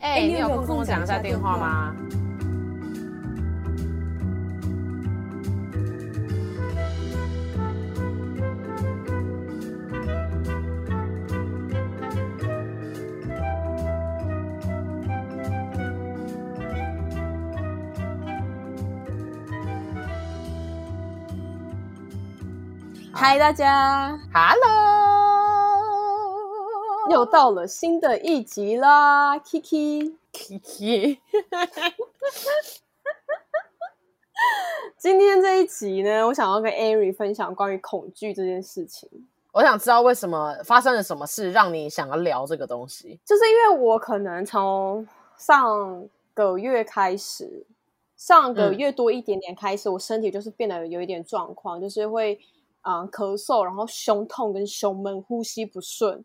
哎，欸欸、你有空跟我講一下電話嗎？嗨、欸， Hi, 大家，Hello。又到了新的一集啦，Kiki，Kiki，キキ 今天這一集呢，我想要跟 Ari 分享關於恐懼這件事情。我想知道為什麼發生了什麼事，讓你想要聊這個東西？就是因為我可能從上個月開始，上個月多一點點開始，嗯、我身體就是變得有一點狀況，就是會啊、呃、咳嗽，然後胸痛跟胸悶，呼吸不順。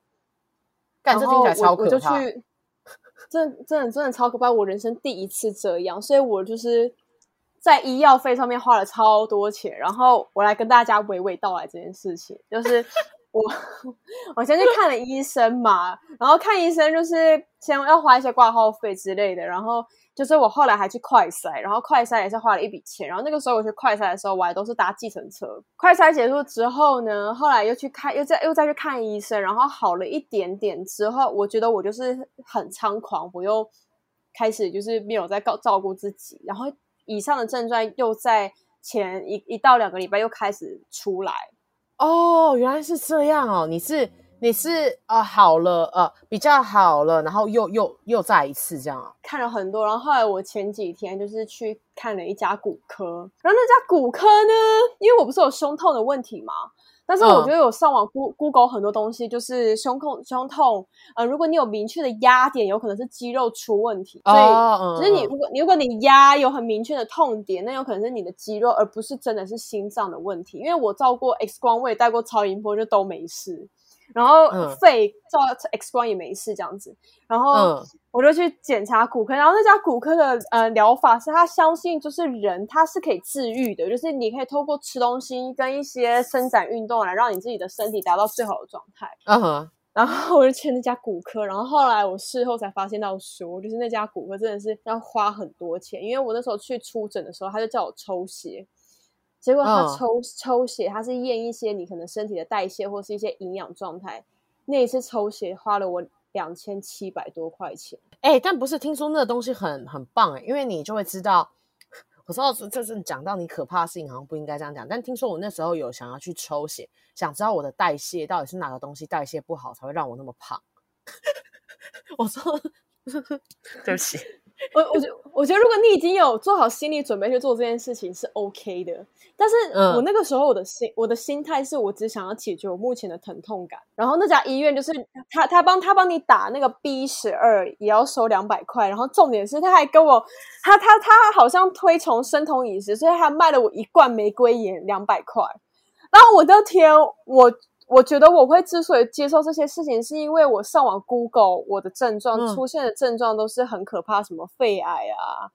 然後我超可怕，我就去，真的真的真的超可怕！我人生第一次這樣，所以我就是在醫藥費上面花了超多錢。然後我來跟大家娓娓道來這件事情，就是。 我我先去看了醫生嘛， 然後看醫生就是先要花一些掛號費之類的，然後就是我後來還去快篩，然後快篩也是花了一筆錢，然後那個時候我去快篩的時候我還都是搭計程車。快篩結束之後呢，後來又去看，又再又再去看醫生，然後好了一點點之後，我覺得我就是很猖狂，我又開始就是沒有在照照顧自己，然後以上的症狀又在前一一到兩個禮拜又開始出來。哦，原來是這樣哦！你是你是啊、呃，好了呃，比較好了，然後又又又再一次這樣啊、哦，看了很多，然後後來我前幾天就是去看了一家骨科，然後那家骨科呢，因為我不是有胸痛的問題嗎？但是我覺得我上網咕 Google 很多東西，就是胸痛、嗯、胸痛，呃，如果你有明確的壓點，有可能是肌肉出問題，啊、所以就是你如果、嗯嗯、如果你壓有很明確的痛點，那有可能是你的肌肉，而不是真的是心臟的問題。因為我照過 X 光，我也帶過超音波，就都沒事。然後肺、嗯、照 X 光也沒事，這樣子，然後我就去檢查骨科。然後那家骨科的呃療法是，他相信就是人他是可以治癒的，就是你可以透過吃東西跟一些伸展運動來讓你自己的身體達到最好的狀態。嗯、然後我就去那家骨科，然後後來我事後才發現到說，就是那家骨科真的是要花很多錢，因為我那時候去出診的時候，他就叫我抽血。結果他抽、嗯、抽血，他是驗一些你可能身體的代謝或是一些營養狀態。那一次抽血花了我兩千七百多塊錢。哎、欸，但不是，聽說那個東西很很棒，哎、欸，因為你就會知道。我知道就是講到你可怕的事情，好像不應該這樣講。但聽說我那時候有想要去抽血，想知道我的代謝到底是哪個東西代謝不好才會讓我那麼胖。 我說，對不起。 我我覺我覺得，如果你已經有做好心理準備去做這件事情是 OK 的，但是我那個時候我的心、嗯、我的心態是我只想要解決我目前的疼痛感，然後那家醫院就是他他幫他幫你打那個 B 十二也要收兩百塊，然後重點是他還跟我他他他好像推崇生酮飲食，所以他賣了我一罐玫瑰鹽兩百塊，然後我的天我。我覺得我會之所以接受這些事情，是因為我上網 Google 我的症狀，出現的症狀都是很可怕，嗯、什麼肺癌啊，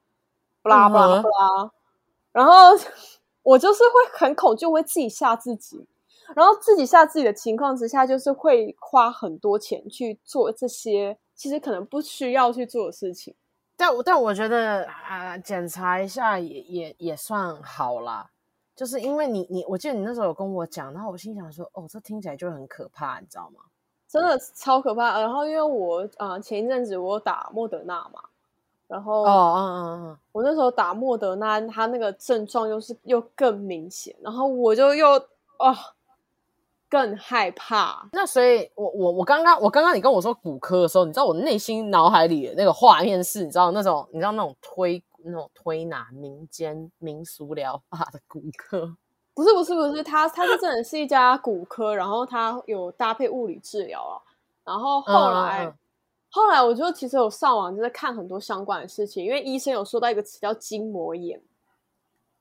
不拉不拉不拉。Blah blah blah，然後我就是會很恐懼，會自己嚇自己，然後自己嚇自己的情況之下，就是會花很多錢去做這些其實可能不需要去做的事情。但但我覺得啊、呃，檢查一下也也也算好啦。就是因為你你，我記得你那時候有跟我講，然後我心想說，哦，這聽起來就很可怕，你知道嗎？真的超可怕。然後因為我，啊、呃、前一陣子我打莫德納嘛，然後哦，嗯嗯嗯，我那時候打莫德納，他那個症狀又是又更明顯，然後我就又啊、呃、更害怕。那所以我我我剛剛我剛剛你跟我說骨科的時候，你知道我內心腦海裡的那個畫面是，你知道那種，你知道那種推。那種推拿、民間民俗療法的骨科，不是不是不是，他他是真的是一家骨科， 然後他有搭配物理治療了，然後後來嗯嗯嗯後來，我就其實有上網就是看很多相關的事情，因為醫生有說到一個詞叫筋膜炎。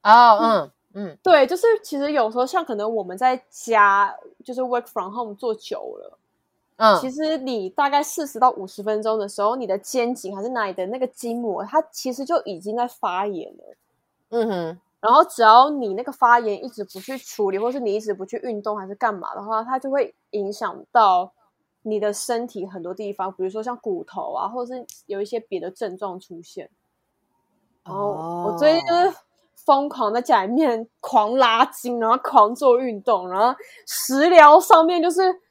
哦嗯嗯，嗯嗯，對，就是其實有時候像可能我們在家就是 work from home 做久了。嗯，其實你大概四十到五十分鐘的時候，你的肩頸還是哪裡的那個筋膜，它其實就已經在發炎了。嗯哼，然後只要你那個發炎一直不去處理，或是你一直不去運動還是幹嘛的話，它就會影響到你的身體很多地方，比如說像骨頭啊，或者是有一些別的症狀出現。然後我最近就是瘋狂在家裡面狂拉筋，然後狂做運動，然後食療上面就是。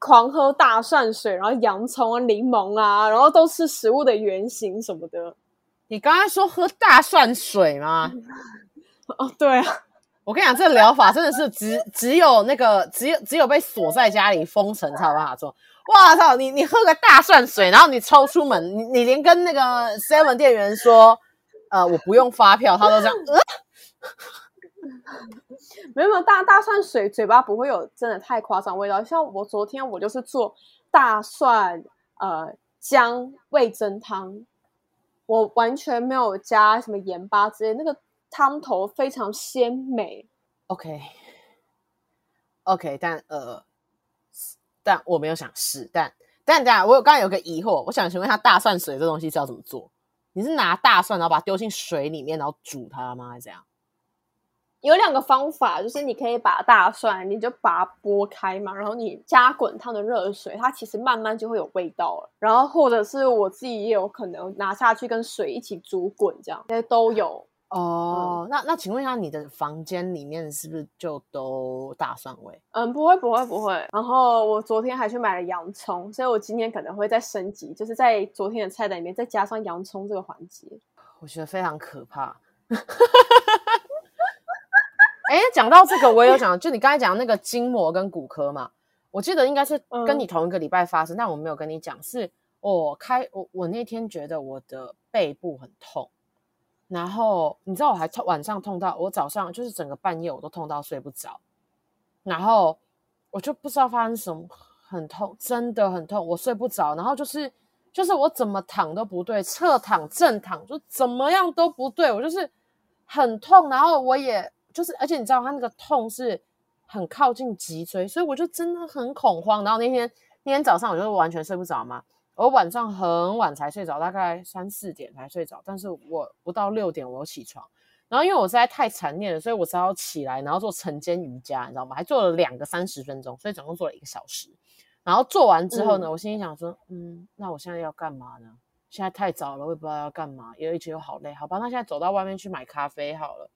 狂喝大蒜水，然後洋蔥啊、檸檬啊，然後都是食物的原型什麼的。你剛才說喝大蒜水嗎？ 哦，對啊，我跟你講，這個療法真的是只只有那個只有只有被鎖在家裡封城才有辦法做。哇操，你你喝個大蒜水，然後你抽出門，你你連跟那個 Seven 店員說，呃，我不用發票，他都這樣。 呃沒有 沒有，大大蒜水嘴巴不會有，真的太誇張味道。像我昨天我就是做大蒜呃薑味噌湯，我完全沒有加什麼鹽巴之類的，那個湯頭非常鮮美。OK OK，但呃，但我沒有想試，但但這樣，我剛剛有個疑惑，我想請問一下大蒜水這東西是要怎麼做？你是拿大蒜然後把它丟進水裡面，然後煮它嗎？還是怎樣？有兩個方法，就是你可以把大蒜，你就把它剝開嘛，然後你加滾燙的熱水，它其實慢慢就會有味道了。然後或者是我自己也有可能拿下去跟水一起煮滾，這樣這些都有哦。嗯、那那請問一下，你的房間裡面是不是就都大蒜味？嗯，不會不會不會。然後我昨天還去買了洋蔥，所以我今天可能會再升級，就是在昨天的菜單裡面再加上洋蔥這個環節。我覺得非常可怕。 哎，講到這個，我也有講， 就你剛才講的那個筋膜跟骨科嘛，我記得應該是跟你同一個禮拜發生，嗯、但我沒有跟你講，是我開我我那天覺得我的背部很痛，然後你知道我還痛，晚上痛到我早上就是整個半夜我都痛到睡不着，然後我就不知道發生什麼，很痛，真的很痛，我睡不着，然後就是就是我怎麼躺都不對，側躺正躺就怎麼樣都不對，我就是很痛，然後我也。就是，而且你知道，他那個痛是很靠近脊椎，所以我就真的很恐慌。然後那天那天早上，我就完全睡不着嘛，我晚上很晚才睡着，大概三四點才睡着。但是我不到六點，我又起床。然後因為我實在太殘念了，所以我只好起來，然後做晨間瑜伽，你知道嗎？還做了兩個三十分鐘，所以總共做了一個小時。然後做完之後呢，嗯、哼我心裡想說，嗯，那我現在要幹嘛呢？現在太早了，我也不知道要幹嘛，因為一直又好累，好吧？那現在走到外面去買咖啡好了。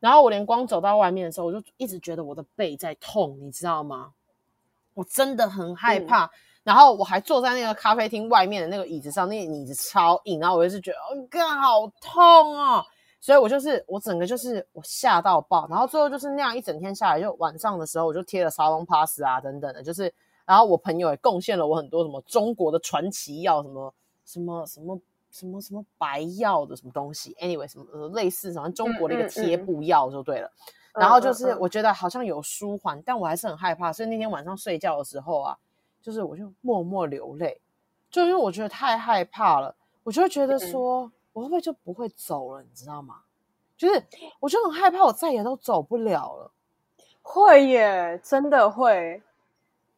然後我連光走到外面的時候，我就一直覺得我的背在痛，你知道嗎？我真的很害怕。嗯、然後我還坐在那個咖啡廳外面的那個椅子上，那個、椅子超硬，然後我就是覺得，哦，幹好痛哦、啊！所以我就是我整個就是我嚇到爆。然後最後就是那樣一整天下來，就晚上的時候我就貼了撒隆巴斯啊等等的，就是，然後我朋友也貢獻了我很多什麼中國的傳奇藥，什麼什麼什麼。什麼什麼什麼白藥的什麼東西？Anyway，什麼類似什麼中國的一個貼布藥就對了。嗯嗯嗯、然後就是我覺得好像有舒緩，嗯嗯嗯、但我還是很害怕。所以那天晚上睡覺的時候啊，就是我就默默流淚，就是因為我覺得太害怕了。我就覺得說，我會不會就不會走了？嗯、你知道嗎？就是我就很害怕，我再也都走不了了。會耶，真的會，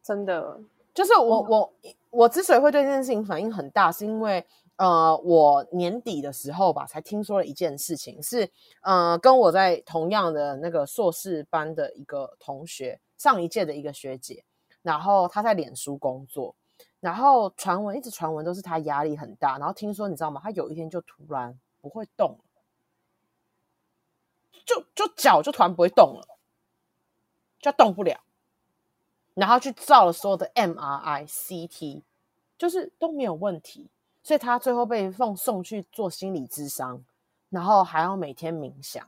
真的。就是我、嗯、我我之所以會對這件事情反應很大，是因為。呃，我年底的時候吧，才聽說了一件事情，是呃，跟我在同樣的那個碩士班的一個同學，上一屆的一個學姐，然後她在臉書工作，然後傳聞一直傳聞都是她壓力很大，然後聽說你知道嗎？她有一天就突然不會動了，就就腳就突然不會動了，就動不了，然後去照了所有的 MRI、CT，就是都沒有問題。所以他最後被放送去做心理諮商，然後還要每天冥想，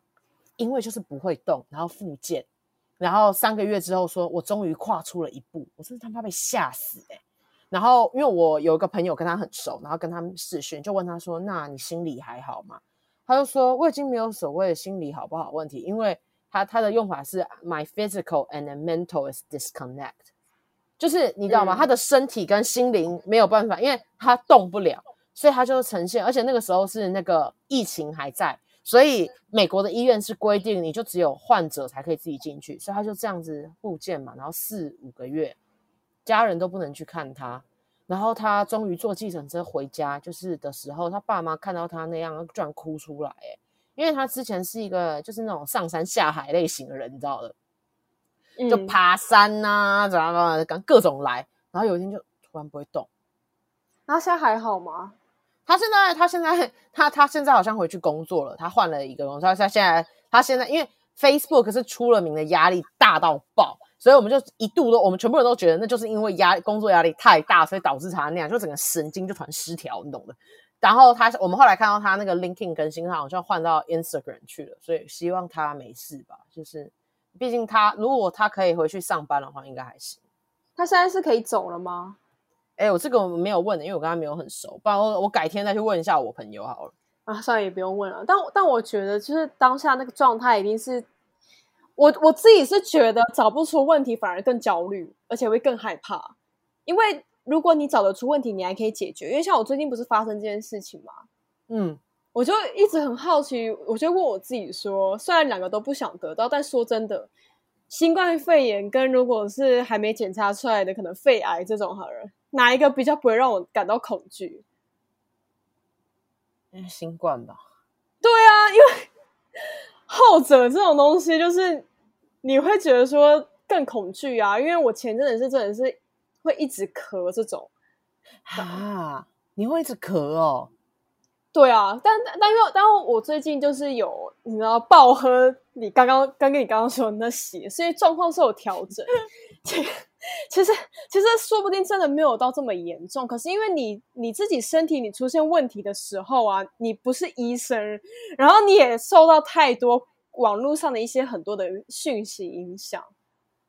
因為就是不會動，然後復健，然後三個月之後說，我終於跨出了一步，我真是他媽被嚇死誒、欸，然後因為我有一個朋友跟他很熟，然後跟他們視訊，就問他說：“那你心理還好嗎？”他就說：“我已經沒有所謂的心理好不好問題，因為他他的用法是 my physical and mental is disconnect。”就是你知道嗎？嗯、他的身體跟心靈沒有辦法，因為他動不了，所以他就呈現。而且那個時候是那個疫情還在，所以美國的醫院是規定，你就只有患者才可以自己進去，所以他就這樣子復健嘛。然後四五個月，家人都不能去看他。然後他終於坐計程車回家，就是的時候，他爸媽看到他那樣，突然哭出來、欸。因為他之前是一個就是那種上山下海類型的人，你知道的。就爬山吶、啊，怎麼怎麼，等等各種來。然後有一天就突然不會動。那現在還好嗎？他現在，他現在，他他現在好像回去工作了。他換了一個工作。他現在，他現在，因為 Facebook 是出了名的壓力大到爆，所以我們就一度都，我們全部人都覺得那就是因為壓工作壓力太大，所以導致他那樣，就整個神經就突然失調，你懂的。然後他，我們後來看到他那個 LinkedIn 更新，他好像換到 Instagram 去了，所以希望他沒事吧，就是。畢竟他如果他可以回去上班的話，應該還行。他現在是可以走了嗎？哎、欸，我這個我沒有問，因為我跟他沒有很熟，不然我我改天再去問一下我朋友好了。啊，算了也不用問了。但但我覺得就是當下那個狀態，一定是我我自己是覺得找不出問題，反而更焦慮，而且會更害怕。因為如果你找得出問題，你還可以解決。因為像我最近不是發生這件事情嗎？嗯。我就一直很好奇，我就問我自己說：雖然兩個都不想得到，但說真的，新冠肺炎跟如果是還沒檢查出來的可能肺癌這種好人，哪一個比較不會讓我感到恐懼？嗯，新冠吧。對啊，因為後者這種東西就是你會覺得說更恐懼啊，因為我前陣子是真的是會一直咳這種啊，你會一直咳哦。對啊，但但因為，但我最近就是有你知道爆喝你剛剛剛跟你剛剛說的那些，所以狀況是有調整。 其實其實，其實說不定真的沒有到這麼嚴重，可是因為你你自己身體你出現問題的時候啊，你不是醫生，然後你也受到太多網絡上的一些很多的訊息影響，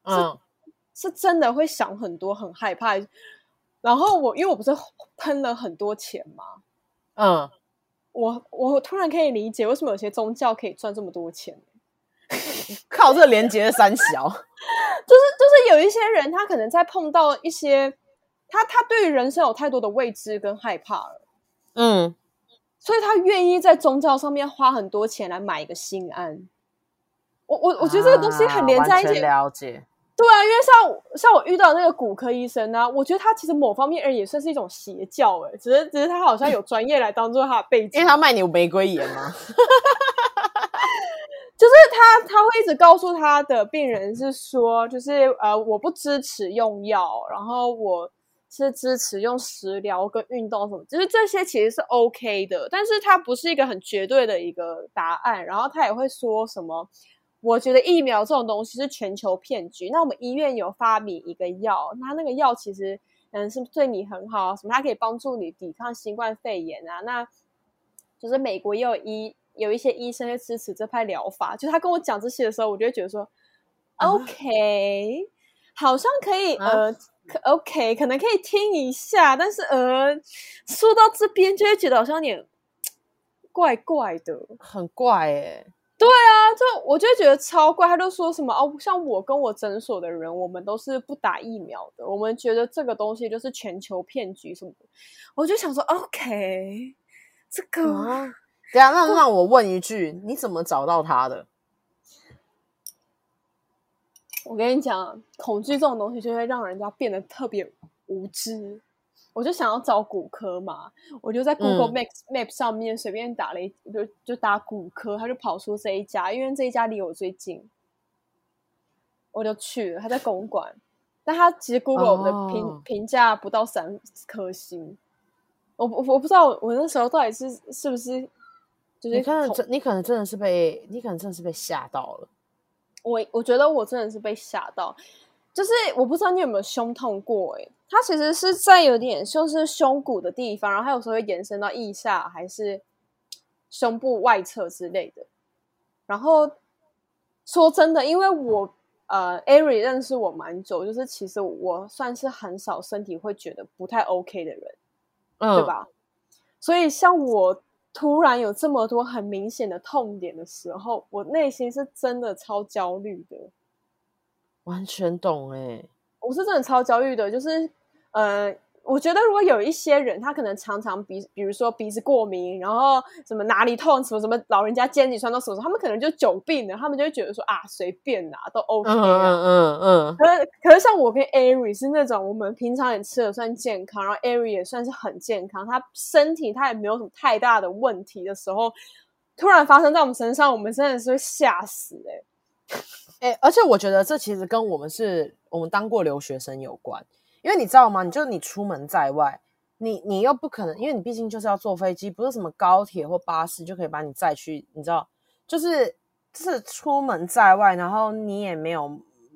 嗯，是，是真的會想很多，很害怕。然後我因為我不是噴了很多錢嗎？嗯。我我突然可以理解為什麼有些宗教可以賺這麼多錢， 靠這個連結三小， 就是就是有一些人他，可能在碰到一些他他對於人生有太多的未知跟害怕了，嗯，所以他願意在宗教上面花很多錢來買一個心安，我我我覺得這個東西很連在一起。啊，了解。對啊，因為像像我遇到那個骨科醫生呢、啊，我覺得他其實某方面而言也算是一種邪教誒、欸、只是只是他好像有專業來當做他的背景，因為他賣你玫瑰鹽嗎、啊？ 就是他他會一直告訴他的病人是說，就是呃，我不支持用藥，然後我是支持用食療跟運動什麼，就是這些其實是 OK 的，但是他不是一個很絕對的一個答案，然後他也會說什麼。我覺得疫苗這種東西是全球騙局。那我們醫院有發明一個藥，那那個藥其實嗯是對你很好，什麼它可以幫助你抵抗新冠肺炎啊。那就是美國也有醫有一些醫生在支持這派療法。就他跟我講這些的時候，我就會覺得說，啊？OK，好像可以，啊？呃，可，OK，可能可以聽一下。但是呃，說到這邊就會覺得好像有點怪怪的，很怪哎。對啊，就我就覺得超怪，他就說什麼哦，像我跟我診所的人，我們都是不打疫苗的，我們覺得這個東西就是全球騙局什麼的。我就想說，OK，這個對啊，等下我那讓我問一句，你怎麼找到他的？我跟你講，恐懼這種東西就會讓人家變得特別無知。我就想要找骨科嘛，我就在 Google Maps Map 上面隨便打了一，嗯、就就打骨科，他就跑出這一家，因為這一家離我最近，我就去了。他在公館，但他其實 Google，哦、的評評價不到三顆星，我我不知道我那時候到底是是不是，就是你真，你可能真的是被你可能真的是被嚇到了，我我覺得我真的是被嚇到。就是我不知道你有沒有胸痛過欸，它其實是在有點就是胸骨的地方，然後它有時候會延伸到腋下，還是胸部外側之類的。然後說真的，因為我呃，艾瑞認識我蠻久，就是其實我算是很少身體會覺得不太 OK 的人，嗯，對吧？所以像我突然有這麼多很明顯的痛點的時候，我內心是真的超焦慮的。完全懂哎、欸，我是真的超焦慮的。就是，嗯、呃、我覺得如果有一些人，他可能常常鼻，比如說鼻子過敏，然後什麼哪裡痛，什麼什麼，老人家肩頸痠痛什麼，他們可能就久病了，他們就會覺得說啊，隨便啦，啊，都 OK，啊嗯。嗯嗯嗯嗯。嗯可是，可是像我跟 Ari 是那種，我們平常也吃的算健康，然後 Ari 也算是很健康，他身體他也沒有什麼太大的問題的時候，突然發生在我們身上，我們真的是會嚇死哎、欸。哎、欸，而且我覺得這其實跟我們是我們當過留學生有關，因為你知道嗎？你就你出門在外，你你又不可能，因為你畢竟就是要坐飛機，不是什麼高鐵或巴士就可以把你載去。你知道，就是、就是出門在外，然後你也沒有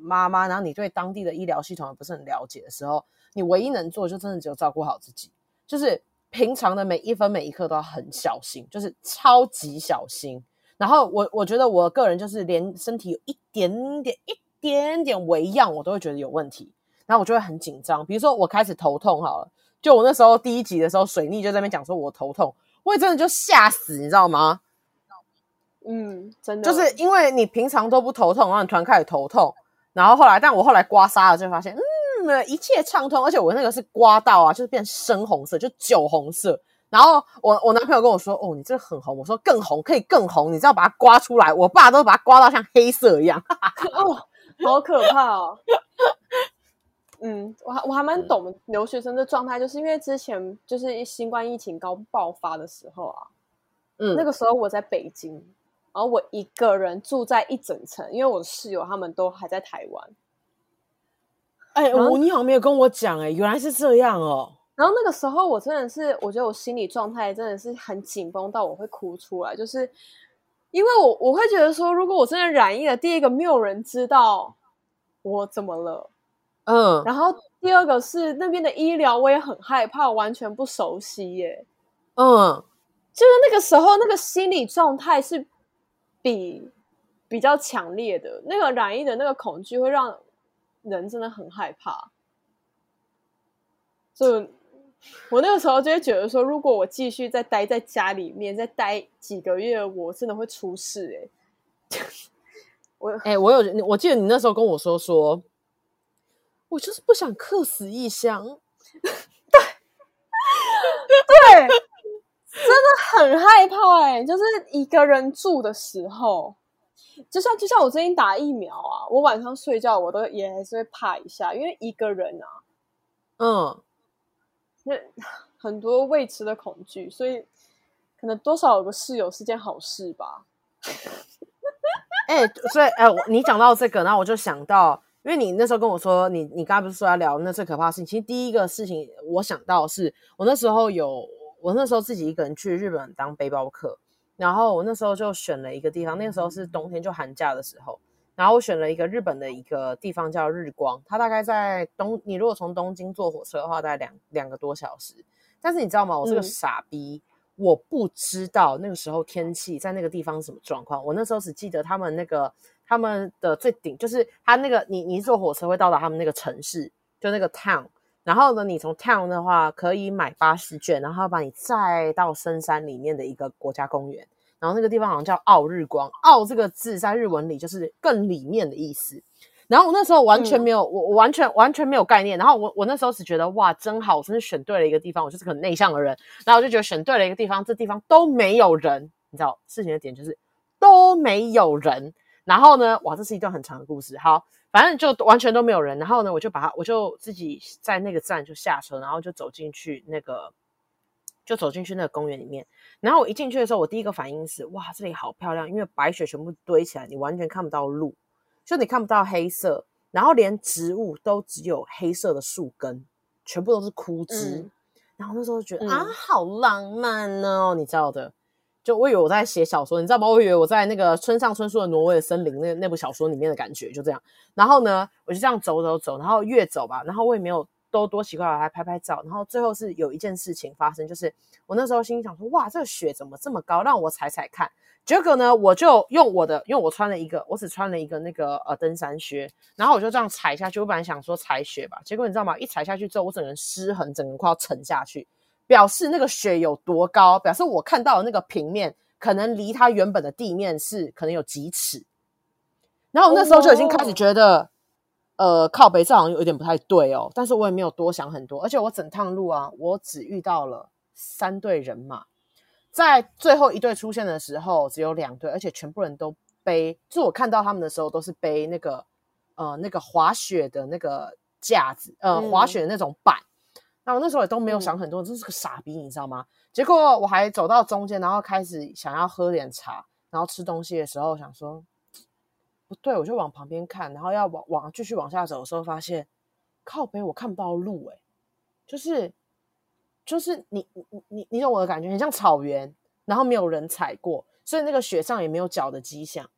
媽媽，然後你對當地的醫療系統也不是很了解的時候，你唯一能做就真的只有照顧好自己，就是平常的每一分每一刻都要很小心，就是超級小心。然後我我覺得我個人就是連身體有一點點、一點點微恙，我都會覺得有問題，然後我就會很緊張。比如說我開始頭痛好了，就我那時候第一集的時候，水逆就在那邊講說我頭痛，我也真的就嚇死，你知道嗎？嗯，真的就是因為你平常都不頭痛，然後你突然開始頭痛，然後後來但我後來刮痧了，就發現嗯一切暢通，而且我那個是刮到啊，就是變深紅色，就酒紅色。然後我我男朋友跟我說：“哦，你這個很紅。”我說：“更紅，可以更紅，你知道把它刮出來，我爸都把它刮到像黑色一樣。哈哈哈哈”哦，好可怕哦！ 嗯，我我還蠻懂留學生的狀態，就是因為之前就是新冠疫情剛爆發的時候啊，嗯，那個時候我在北京，然後我一個人住在一整層，因為我的室友他們都還在台灣。哎、欸，我後你好像沒有跟我講，哎，原來是這樣哦。然後那個時候，我真的是，我覺得我心理狀態真的是很緊繃到我會哭出來，就是因為我我會覺得說，如果我真的染疫了，第一個沒有人知道我怎麼了，嗯，然後第二個是那邊的醫療我也很害怕，我完全不熟悉耶，嗯，就是那個時候那個心理狀態是比比較強烈的，那個染疫的那個恐懼會讓人真的很害怕，就。我那個時候就會覺得說，如果我繼續再待在家裡面，再待幾個月，我真的會出事哎、欸！ 我哎很、欸，我有，我記得你那時候跟我說說，我就是不想客死異鄉。 對 對，真的很害怕哎、欸，就是一個人住的時候，就像就像我最近打疫苗啊，我晚上睡覺我都也還是會怕一下，因為一個人啊，嗯。很多未知的恐懼，所以可能多少有個室友是件好事吧。哎、 欸，所以哎、欸，我你講到這個，然後我就想到，因為你那時候跟我說，你你剛才不是說要聊那最可怕的事情？其實第一個事情，我想到是我那時候有，我那時候自己一個人去日本當背包客，然後我那時候就選了一個地方，那個時候是冬天，就寒假的時候。然後我選了一個日本的一個地方叫日光，它大概在東。你如果從東京坐火車的話，大概兩兩個多小時。但是你知道嗎？我是個傻逼，嗯、我不知道那個時候天氣在那個地方什麼狀況。我那時候只記得他們那個他們的最頂就是他那個你你坐火車會到達他們那個城市，就那個 town。然後呢，你從 town 的話可以買巴士券，然後把你載到深山裡面的一個國家公園。然後那個地方好像叫奧日光，奧這個字在日文裡就是更裡面的意思。然後我那時候完全沒有，我、嗯、我完全我完全沒有概念。然後我我那時候只覺得哇，真好，我真的選對了一個地方。我就是很內向的人，然後我就覺得選對了一個地方，這地方都沒有人，你知道事情的點就是都沒有人。然後呢，哇，這是一段很長的故事。好，反正就完全都沒有人。然後呢，我就把它，我就自己在那個站就下車，然後就走進去那個，就走進去那個公園裡面。然後我一進去的時候，我第一個反應是哇，這裡好漂亮，因為白雪全部堆起來，你完全看不到路，就你看不到黑色，然後連植物都只有黑色的樹根，全部都是枯枝。嗯，然後那時候就覺得，嗯，啊，好浪漫哦，你知道的，就我以為我在寫小說，你知道嗎？我以為我在那個村上春樹的《挪威的森林》那那部小說裡面的感覺就這樣。然後呢，我就這樣走走走，然後越走吧，然後我也沒有。都多奇怪，把它拍拍照，然後最後是有一件事情發生，就是我那時候心裡想說，哇，這個雪怎麼這麼高？讓我踩踩看。結果呢，我就用我的，因為我穿了一個，我只穿了一個那個呃登山靴，然後我就這樣踩下去。我本來想說踩雪吧，結果你知道嗎？一踩下去之後，我整個人失衡，整個人快要沉下去，表示那個雪有多高，表示我看到的那個平面可能離它原本的地面是可能有幾尺。然後我那時候就已經開始覺得。哦哦呃，靠北這好像有點不太對哦，但是我也沒有多想很多，而且我整趟路啊，我只遇到了三隊人馬，在最後一隊出現的時候只有兩隊，而且全部人都背，就我看到他們的時候都是背那個呃那個滑雪的那個架子，呃、嗯、滑雪的那種板，那我那時候也都沒有想很多，就、嗯、是個傻逼，你知道嗎？結果我還走到中間，然後開始想要喝點茶，然後吃東西的時候想說。不對，我就往旁邊看，然後要往往，繼續往下走的時候，發現靠北，我看不到路哎、欸，就是就是你你你你懂我的感覺，很像草原，然後沒有人踩過，所以那個雪上也沒有腳的跡象，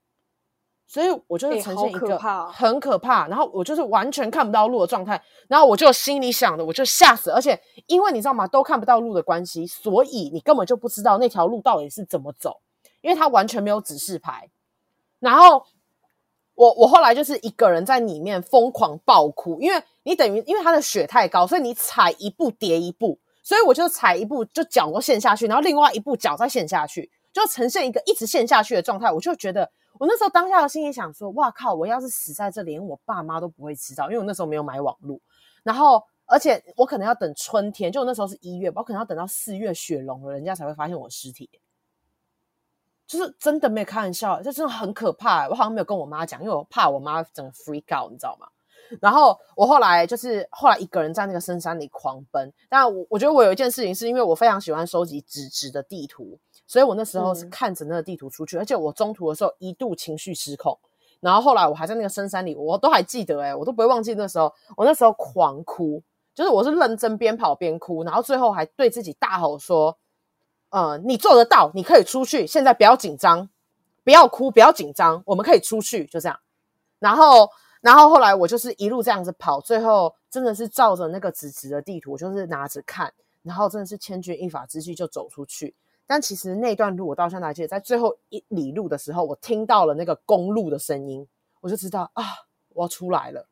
所以我就是呈現一個很可怕，然後我就是完全看不到路的狀態，然後我就心裡想的，我就嚇死，而且因為你知道嗎，都看不到路的關係，所以你根本就不知道那條路到底是怎麼走，因為它完全沒有指示牌，然後。我我後來就是一個人在裡面瘋狂暴哭，因為你等於因為他的雪太高，所以你踩一步跌一步，所以我就踩一步就腳都陷下去，然後另外一步腳再陷下去，就呈現一個一直陷下去的狀態。我就覺得我那時候當下的心裡想說：哇靠！我要是死在這裡，連我爸媽都不會知道，因為我那時候沒有買網路。然後，而且我可能要等春天，就我那時候是一月吧，我可能要等到四月雪融了，人家才會發現我的屍體。就是真的沒有開玩笑，就真的很可怕、欸。我好像沒有跟我媽講，因為我怕我媽整個 freak out，你知道嗎？然後我後來就是後來一個人在那個深山裡狂奔。但我我覺得我有一件事情，是因為我非常喜歡收集紙質的地圖，所以我那時候是看着那個地圖出去。嗯、而且我中途的時候一度情緒失控，然後後來我還在那個深山裡，我都還記得、欸，誒，我都不會忘記那時候，我那時候狂哭，就是我是認真邊跑邊哭，然後最後還對自己大吼說。呃，你做得到，你可以出去。現在不要緊張，不要哭，不要緊張。我們可以出去，就這樣。然後，然後後來我就是一路這樣子跑，最後真的是照着那個紙質的地圖，就是拿着看，然後真的是千鈞一髮之際就走出去。但其實那段路我到現在還記得，在最後一里路的時候，我聽到了那個公路的聲音，我就知道啊，我要出來了。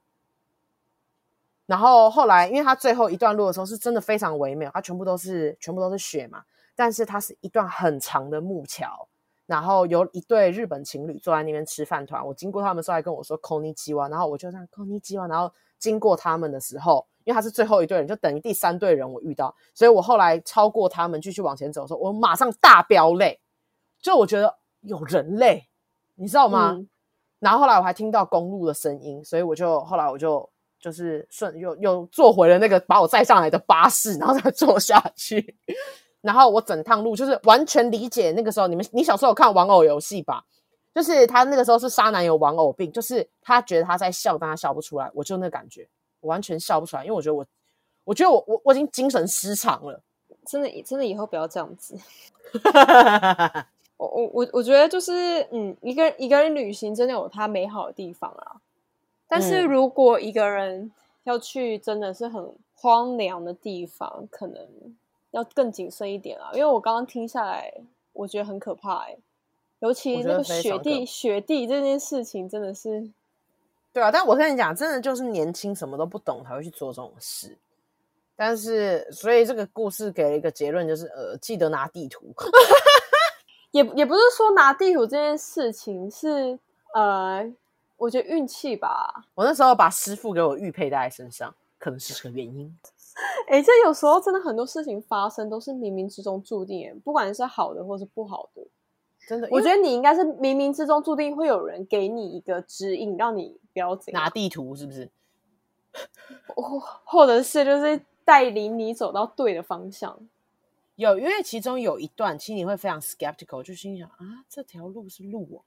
然後後來，因為它最後一段路的時候是真的非常唯美，它全部都是全部都是雪嘛。但是它是一段很長的木橋，然後有一對日本情侶坐在那邊吃飯糰。我經過他們的時候還跟我說 “Konichiwa”，然後我就這樣 “Konichiwa”。然後經過他們的時候，因為他是最後一隊人，就等於第三隊人我遇到，所以我後來超過他們繼續往前走的時候，我馬上大飆淚，就我覺得有人類，你知道嗎？嗯、然後後來我還聽到公路的聲音，所以我就後來我就就是順又又坐回了那個把我載上來的巴士，然後再坐下去。然後我整趟路就是完全理解那個時候，你們你小時候有看玩偶遊戲吧，就是他那個時候是紗南有玩偶病，就是他覺得他在笑，但他笑不出來。我就那感覺，我完全笑不出來，因為我覺得我，我覺得我我我已經精神失常了。真的，真的以後不要這樣子。 我我我覺得就是嗯，一個人一個人旅行真的有它美好的地方啊，但是如果一個人要去真的是很荒涼的地方，可能。要更謹慎一點啊，因為我剛剛聽下來，我覺得很可怕哎、欸，尤其那個雪地雪地這件事情真的是，對啊，但我跟你講，真的就是年輕什麼都不懂才會去做這種事，但是所以這個故事給了一個結論，就是呃，記得拿地圖， 也也不是說拿地圖這件事情是呃，我覺得運氣吧，我那時候把師父給我玉佩戴在身上，可能是個原因。哎、欸，這有時候真的很多事情發生都是冥冥之中注定，不管是好的或是不好的，真的。我覺得你應該是冥冥之中注定會有人給你一個指引，讓你不要怎樣，拿地圖是不是？或或者是就是帶領你走到對的方向。有，因為其中有一段，其實你會非常 skeptical，就心想啊，這條路是路。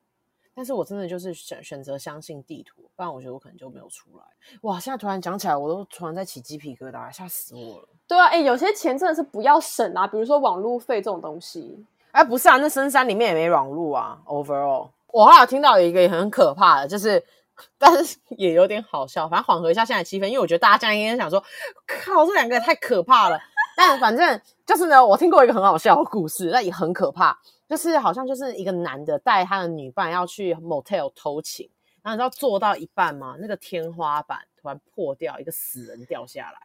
但是我真的就是選選擇相信地圖，不然我覺得我可能就沒有出來。哇！現在突然講起來，我都突然在起雞皮疙瘩，嚇死我了。對啊，誒、欸、有些錢真的是不要省啊，比如說網路費這種東西。哎、欸，不是啊，那深山裡面也沒網路啊。Overall，我後來有聽到有一個也很可怕的，就是，但是也有點好笑，反正緩和一下現在氣氛，因為我覺得大家這樣應該想說，靠，這兩個也太可怕了。但反正就是呢，我聽過一個很好笑的故事，那也很可怕。就是好像就是一個男的帶他的女伴要去 motel 偷情，然後你知道做到一半嗎？那個天花板突然破掉，一個死人掉下來，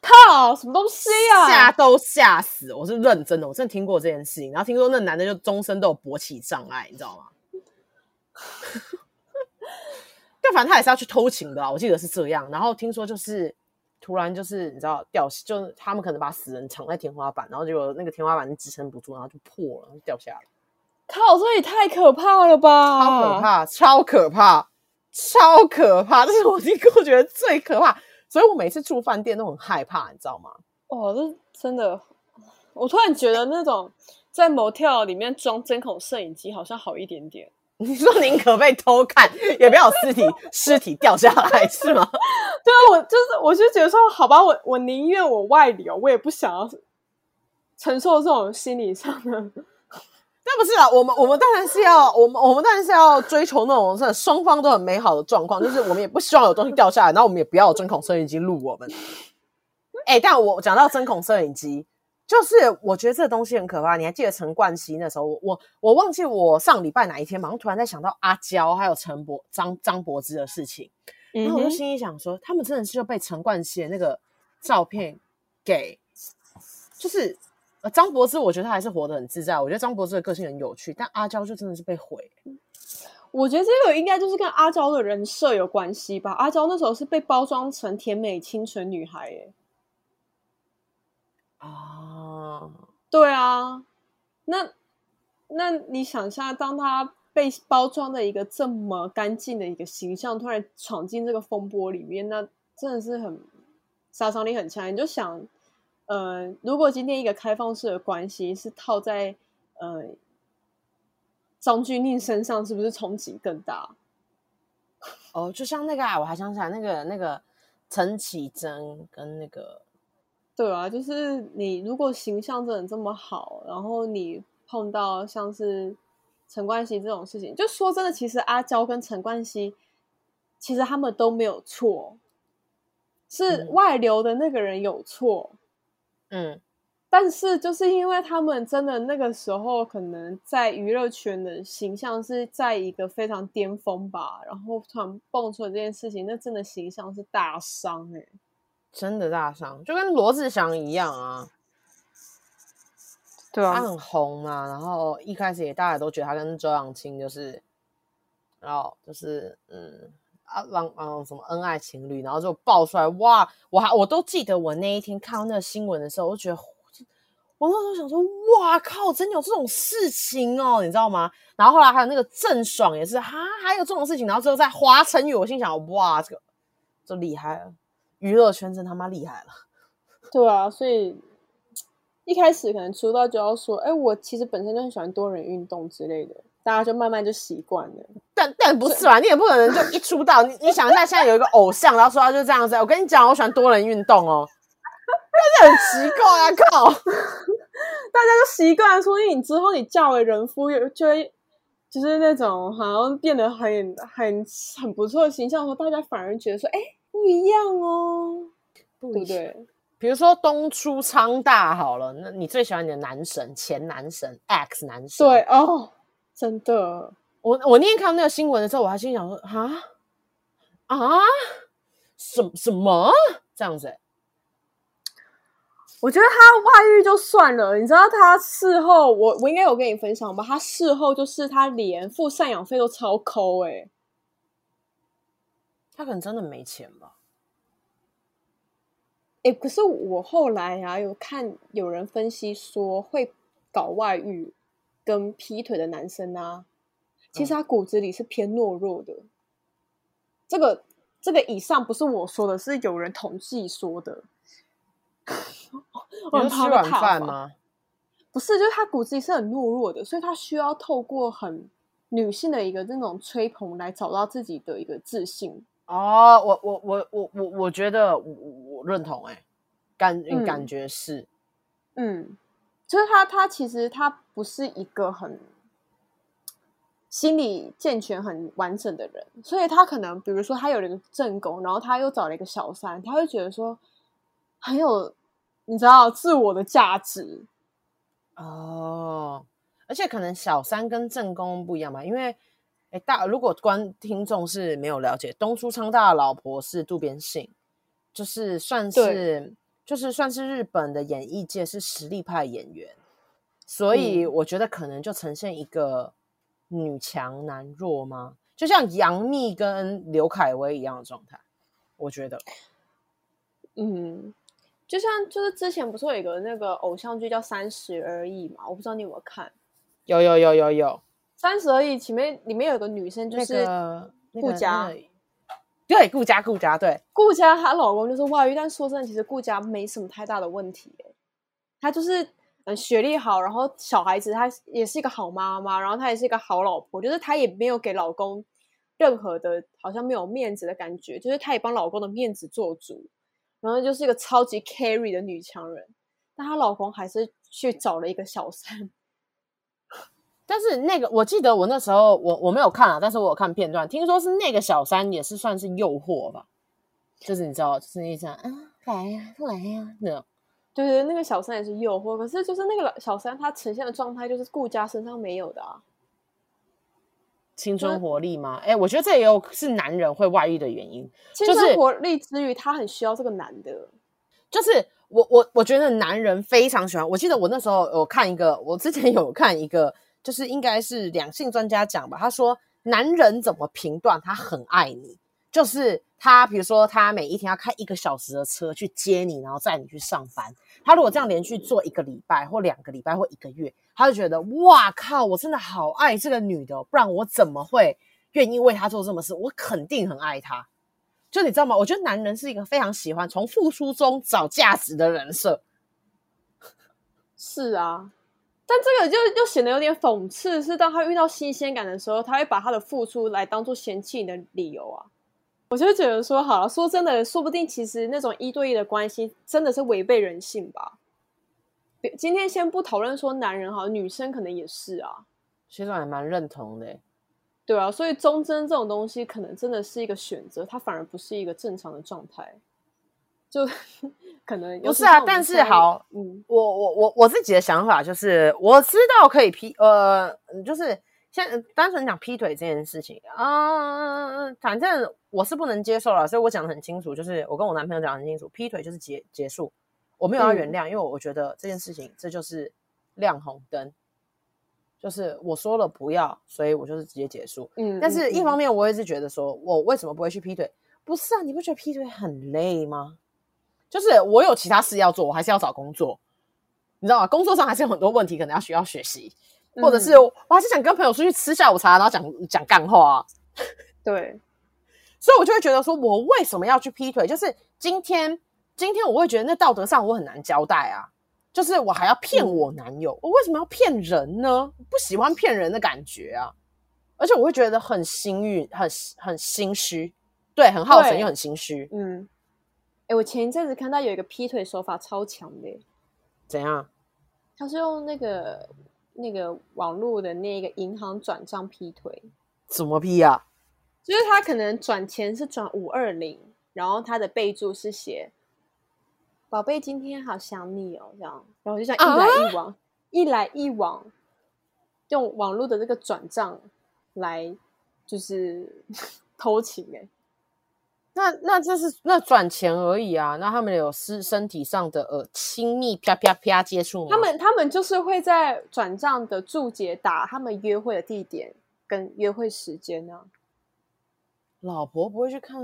靠，什麼東西啊？嚇都嚇死！我是認真的，我真的聽過這件事。然後聽說那男的就終身都有勃起障礙，你知道嗎？ 但反正他也是要去偷情的啊，我記得是這樣。然後聽說就是。突然就是你知道掉，就是他們可能把死人藏在天花板，然後結果那個天花板支撐不住，然後就破了，掉下來了。靠，這也太可怕了吧！超可怕，超可怕，超可怕！這是，是我聽過覺得最可怕，所以我每次住飯店都很害怕，你知道嗎？哇，這真的，我突然覺得那種在摩鐵裡面裝針孔攝影機好像好一點點。你說寧可被偷看，也不要有屍體屍 體掉下來，是嗎？對啊，我就是我就覺得說，好吧，我我寧願我外流，我也不想要承受這種心理上的。那不是啊，我們我們當然是要我們我們當然是要追求那種算雙方都很美好的狀況，就是我們也不希望有東西掉下來，然後我們也不要有針孔攝影機錄我們。哎、欸，但我講到針孔攝影機。就是我覺得這個東西很可怕。你還記得陳冠希那時候，我我忘記我上禮拜哪一天，嘛，我突然在想到阿嬌還有陳柏張張柏芝的事情，嗯、哼然後我就心裡想說，他們真的是要被陳冠希的那個照片給，就是呃張柏芝，我覺得他還是活得很自在，我覺得張柏芝的個性很有趣，但阿嬌就真的是被毀、欸。我覺得這個應該就是跟阿嬌的人設有關係吧。阿嬌那時候是被包裝成甜美清純女孩、欸，啊，oh, 對啊，那那你想象當他被包裝的一個這麼乾淨的一個形象，突然闖進這個風波裡面，那真的是很殺傷力很強。你就想，呃，如果今天一個開放式的關係是套在呃張鈞甯身上，是不是衝擊更大？哦，oh, 就像那個、啊，我還想起來那個那個陳綺貞跟那個。對啊，就是你如果形象真的這麼好，然後你碰到像是陳冠希這種事情，就說真的，其實阿嬌跟陳冠希,其實他們都沒有錯，是外流的那個人有錯。嗯，但是就是因為他們真的那個時候可能在娛樂圈的形象是在一個非常巔峰吧，然後突然蹦出來這件事情，那真的形象是大傷哎、欸。真的大傷，就跟羅志祥一樣啊，對啊，他很紅嘛，然後一開始也大家也都覺得他跟周揚青就是，然後就是嗯啊讓嗯什麼恩愛情侶，然後就爆出來哇，我還我都記得我那一天看到那個新聞的時候，我就覺得我那時候想說哇靠，靠，真有這種事情哦，你知道嗎？然後後來還有那個鄭爽也是哈，還有這種事情，然後最後在華晨宇，我心想哇，這個就厲害了。娛樂圈真他媽厲害了，對啊，所以一開始可能出道就要說，哎、欸，我其實本身就很喜歡多人運動之類的，大家就慢慢就習慣了。但但不是吧、啊？以你也不可能就一出道，你你想一下，現在有一個偶像， 然後說他就這樣子。我跟你講，我喜歡多人運動哦，真就 很奇怪啊！靠， 大家都習慣說，因為你之後你嫁為人夫，就會其實那種好像變得很很很不錯形象的時候大家反而覺得說，哎、欸。不一樣哦，不想對不對？比如說東出昌大好了，那你最喜歡你的男神、前男神、X 男神？對哦，真的。我我那天看到那個新聞的時候，我還心想說：啊啊，什什麼這樣子、欸？我覺得他外遇就算了，你知道他事後，我我應該有跟你分享吧？他事後就是他連付贍養費都超摳哎、欸。他可能真的沒錢吧？哎、欸，可是我後來啊，有看有人分析說，會搞外遇、跟劈腿的男生啊，其實他骨子裡是偏懦弱的。嗯、這個這個以上不是我說的，是有人統計說的。有吃軟飯嗎？ 不是，就是他骨子裡是很懦弱的，所以他需要透過很女性的一個這種吹捧來找到自己的一個自信。哦，我我我我我我覺得我我認同，哎、欸，感、嗯、感覺是，嗯，就是他他其實他不是一個很心理健全、很完整的人，所以他可能比如說他有一個正宮，然後他又找了一個小三，他會覺得說很有，你知道自我的價值哦，而且可能小三跟正宮不一樣嘛，因為。哎、欸，大如果觀聽眾是沒有了解，東出昌大的老婆是渡邊杏，就是算是對就是算是日本的演藝界是實力派演員，所以我覺得可能就呈現一個女強男弱嗎？就像楊冪跟劉愷威一樣的狀態，我覺得，嗯，就像就是之前不是有一個那個偶像劇叫《三十而已》嘛？我不知道你有沒有看？有有有有有。《三十而已》，前面裡面有個女生就是顧佳，對，顧佳顧佳，對，顧佳她老公就是外遇。但說真的，其實顧佳沒什麼太大的問題。她就是學歷好，然後小孩子她也是一個好媽媽，然後她也是一個好老婆。就是她也沒有給老公任何的，好像沒有面子的感覺。就是她也幫老公的面子做足。然後就是一個超級 carry 的女強人。但她老公還是去找了一個小三。但是那個，我記得我那時候我我沒有看啊，但是我有看片段，聽說是那個小三也是算是誘惑吧，就是你知道，就是那場啊，來呀，來 呀樂，對，對對，那個小三也是誘惑，可是就是那個小三他呈現的狀態就是顧佳身上沒有的，啊，青春活力嗎？哎那、欸，我覺得這也有是男人會外遇的原因，青春、就是、活力之餘，他很需要這個男的，就是我我我覺得男人非常喜歡，我記得我那時候有看一個，我之前有看一個。就是應該是兩性專家講吧。他說，男人怎麼評斷他很愛你，就是他，比如說他每一天要開一個小時的車去接你，然後載你去上班。他如果這樣連續做一個禮拜或兩個禮拜或一個月，他就覺得哇靠，我真的好愛這個女的，不然我怎麼會願意為她做這麼事？我肯定很愛她。就你知道嗎？我覺得男人是一個非常喜歡從付出中找價值的人設。是啊。但這個就又顯得有點諷刺，是當他遇到新鮮感的時候，他會把他的付出來當做嫌棄你的理由啊！我就覺得說，好了，說真的，說不定其實那種一對一的關係真的是違背人性吧。今天先不討論說男人哈，女生可能也是啊。其實我還蠻認同的，對啊，所以忠貞這種東西可能真的是一個選擇，它反而不是一個正常的狀態。就可能有是不是啊，但是好，嗯、我我我我自己的想法就是，我知道可以劈，呃，就是先單純講劈腿這件事情啊，反、呃、正我是不能接受了，所以我講的很清楚，就是我跟我男朋友講得很清楚，劈腿就是結結束，我沒有要原諒，嗯、因為我覺得這件事情是這就是亮紅燈，就是我說了不要，所以我就是直接結束，嗯，但是一方面我也是覺得說，我為什麼不會去劈腿？不是啊，你不覺得劈腿很累嗎？就是我有其他事要做，我還是要找工作，你知道嗎、啊？工作上還是有很多問題，可能要需要學習，或者是我、嗯、我還是想跟朋友出去吃下午茶，然後講講幹話、啊。對，所以我就會覺得說，我為什麼要去劈腿？就是今天，今天我會覺得那道德上我很難交代啊。就是我還要騙我男友，嗯、我為什麼要騙人呢？不喜歡騙人的感覺啊，而且我會覺得很心虛，很很心虛，對，很好勝又很心虛，嗯。哎，我前一陣子看到有一個劈腿手法超強的，怎樣？他是用那個那個網絡的那一個銀行轉賬劈腿，怎麼劈呀、啊？就是他可能轉錢是轉五二零，然後他的備注是寫“寶貝，今天好想你哦”這樣，然後就這樣一來一往，啊啊一來一往，用網絡的這個轉賬來就是呵呵偷情誒。那那就是那轉錢而已啊，那他們有身身體上的呃親密啪啪啪接觸嗎？他們他們就是會在轉賬的注解打他們約會的地點跟約會時間呢、啊。老婆不會去看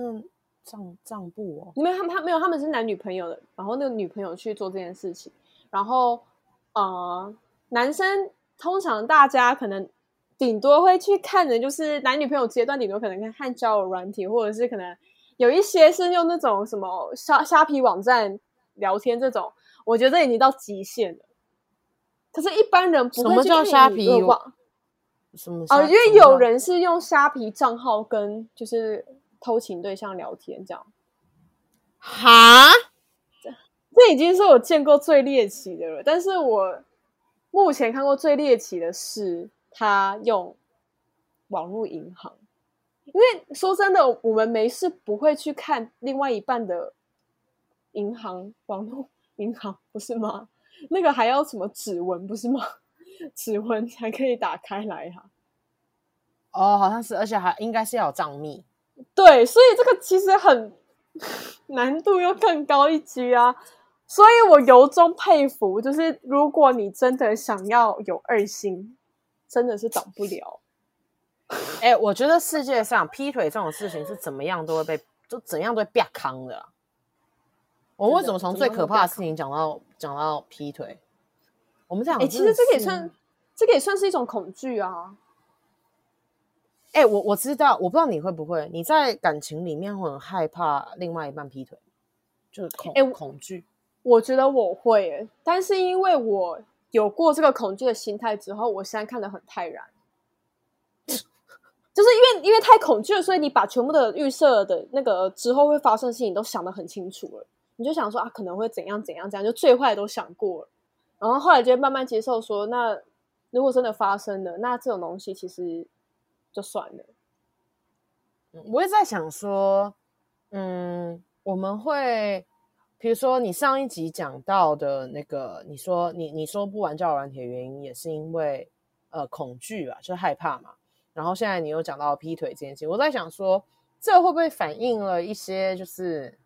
賬賬簿哦、喔，因為沒有他們他沒有他們是男女朋友的，然後那個女朋友去做這件事情，然後啊、呃、男生通常大家可能頂多會去看的，就是男女朋友階段頂多可能看交友軟體或者是可能。有一些是用那種什麼蝦蝦皮網站聊天，這種我覺得已經到極限了。可是，一般人不會去用蝦皮網、嗯。什麼叫蝦皮？哦、啊，因為有人是用蝦皮賬號跟就是偷情對象聊天，這樣。哈，這已經是我見過最獵奇的了。但是我目前看過最獵奇的是，他用網絡銀行。因為說真的，我們沒事不會去看另外一半的銀行網絡銀行，不是嗎？那個還要什麼指紋，不是嗎？指紋才可以打開來哈、啊。哦，好像是，而且還應該是要有賬密。對，所以這個其實很難度又更高一級啊。所以我由衷佩服，就是如果你真的想要有二心，真的是擋不了。 哎、欸，我覺得世界上劈腿這種事情是怎麼樣都會被，就怎樣都會啪康的、啊、的。我為什麼從最可怕的事情講到講到劈腿？我們講、欸、這樣，哎，其實這個也算，這個也算是一種恐懼啊。哎、欸，我我知道，我不知道你會不會，你在感情裡面會很害怕另外一半劈腿，就是恐哎、欸、恐懼。我覺得我會、欸，但是因為我有過這個恐懼的心態之後，我現在看得很泰然。就是因為因為太恐懼了，所以你把全部的預設的那個之後會發生的事情都想得很清楚了，你就想說，啊可能會怎樣怎樣怎樣，就最壞都想過了。然後後來就慢慢接受說，那如果真的發生了，那這種東西其實就算了。我也在想說，嗯，我們會比如說你上一集講到的那個，你說你你說不玩交友軟體的原因也是因為呃恐懼吧，啊，就害怕嘛。然後現在你又講到劈腿這件事情，我在想說，這會不會反映了一些，就是，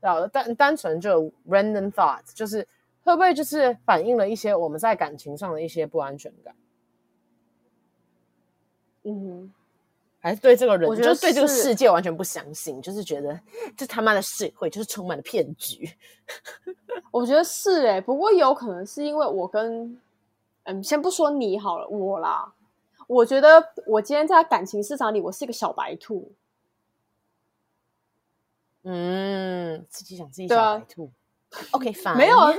對單單純就 random thoughts，就是會不會就是反映了一些我們在感情上的一些不安全感？嗯哼，還是、哎、對這個人，我覺得、就是就對這個世界完全不相信，就是覺得這他媽的社會就是充滿了騙局。 我覺得是哎、欸，不過有可能是因為我跟，嗯，先不說你好了，我啦。我覺得我今天在感情市場裡，我是一個小白兔。嗯，自己想自己小白兔。對啊，OK，fine 沒有這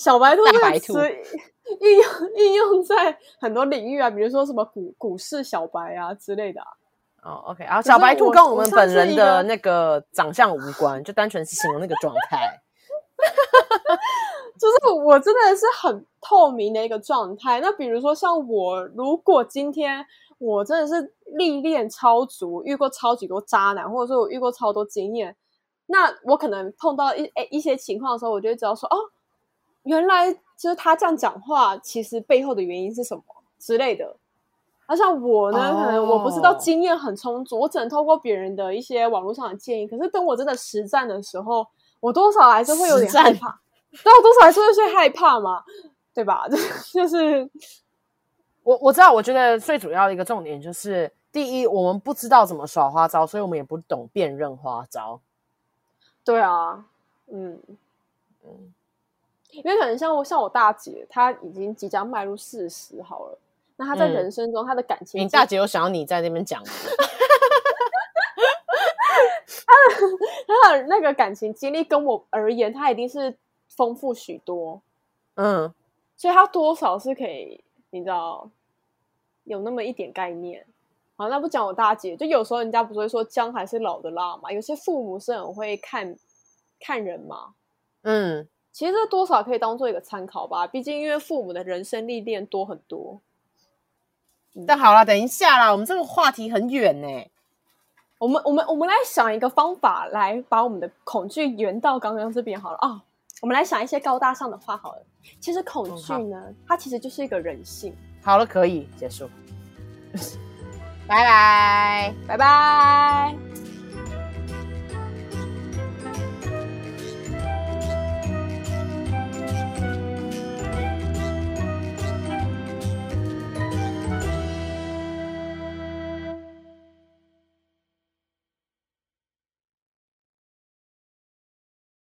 小白兔，小白兔是大白兔運用應用在很多領域啊，比如說什麼股股市小白啊之類的。哦，oh，OK 啊，小白兔跟我們本人的那個長相無關，就單純是形容那個狀態。 就是我真的是很透明的一個狀態。那比如說像我，如果今天我真的是歷練超足，遇過超級多渣男，或者說我遇過超多經驗，那我可能碰到一誒一些情況的時候，我就會知道說哦，原來就是他這樣講話，其實背後的原因是什麼之類的。那、啊、像我呢，Oh. 可能我不知道經驗很充足，我只能透過別人的一些網絡上的建議。可是等我真的實戰的時候，我多少還是會有點害怕。那我 多少還是會害怕嘛，對吧？就是我我知道，我覺得最主要的一個重點就是，第一，我們不知道怎麼耍花招，所以我們也不懂辨認花招。對啊，嗯嗯，因為可能像我像我大姐，她已經即將邁入四十好了，那她在人生中、嗯、她的感情經歷，你大姐有想要你在那邊講嗎？哈哈、 啊。她的那個感情經歷跟我而言，她一定是。豐富許多，嗯，所以他多少是可以，你知道，有那麼一點概念，好，那不講我大姐，就有時候人家不是會說“薑還是老的辣”嘛？有些父母是很會看，看人嘛。嗯，其實這多少可以當作一個參考吧。畢竟因為父母的人生歷練多很多。嗯、但好了，等一下啦，我們這個話題很遠呢、欸。我們我們我們來想一個方法，來把我們的恐懼圓到剛剛這邊好了啊。哦我們來想一些高大上的話好了。其實恐懼呢，嗯、它其實就是一個人性。好了，可以結束。 拜拜，拜拜。